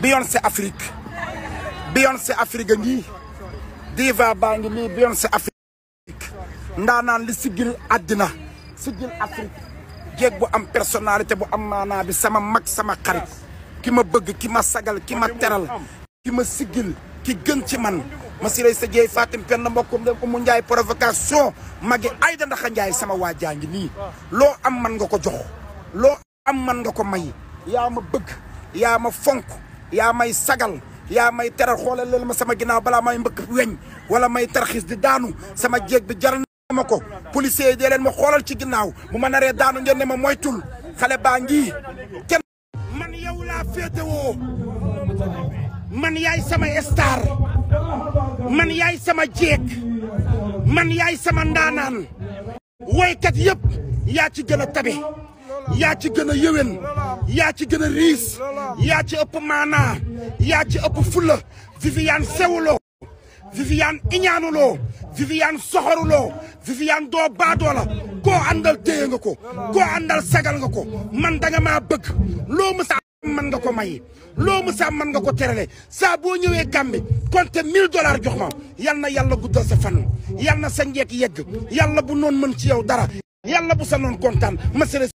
Beyoncé Afrique Beyoncé Afrique a ngi diva baa ngi nii Beyoncé Afrique ndaanaan li siggil àddina siggil Afrique jéeg bu am personnalité bu am maanaa bi sama mag sama xarit ki ma bëgg ki ma sagal ki ma teral ki ma siggil ki gën ci man ma si lay sa jeey Fatim Penn mbokkum dem Umu Njaay provocation magi Ayda Ndaxa Njaay sama waa jaa ngi nii loo am man nga ko jox loo am man nga ko may yaa ma bëgg yaa ma fonk yaa may sagal yaa may teral xoolal leen ma sama ginaaw balaa may mbëkk weñ wala may tarxis di daanu sama jéeg bi jaral ma ko policier yi ma xoolal ci ginnaaw bu ma naree daanu ngeen ne ma moytul xale baa ngi kenn man yow laa féetewoo man yaay sama star man yaay sama jéeg man yaay sama ndaanaan woykat yëpp yaa ci gën a tabe yaa ci gën a yëwén yaa ci gën a riis yaa ci ëpp maanaa yaa ci ëpp fulla Viviane sewuloo Viviane iñaanuloo Viviane soxoruloo Viviane doo baadoola koo àndal téye nga ko koo àndal sagal nga ko man da nga maa bëgg loo mësa man nga ko may loo mësa man nga ko terale saa boo ñëwee Gàmbi compte mille dollars jox ma yal na yàlla guddal sa fan yal na sa njeek yegg yàlla bu noon mën ci yow dara yàlla bu sa noon kontaan masere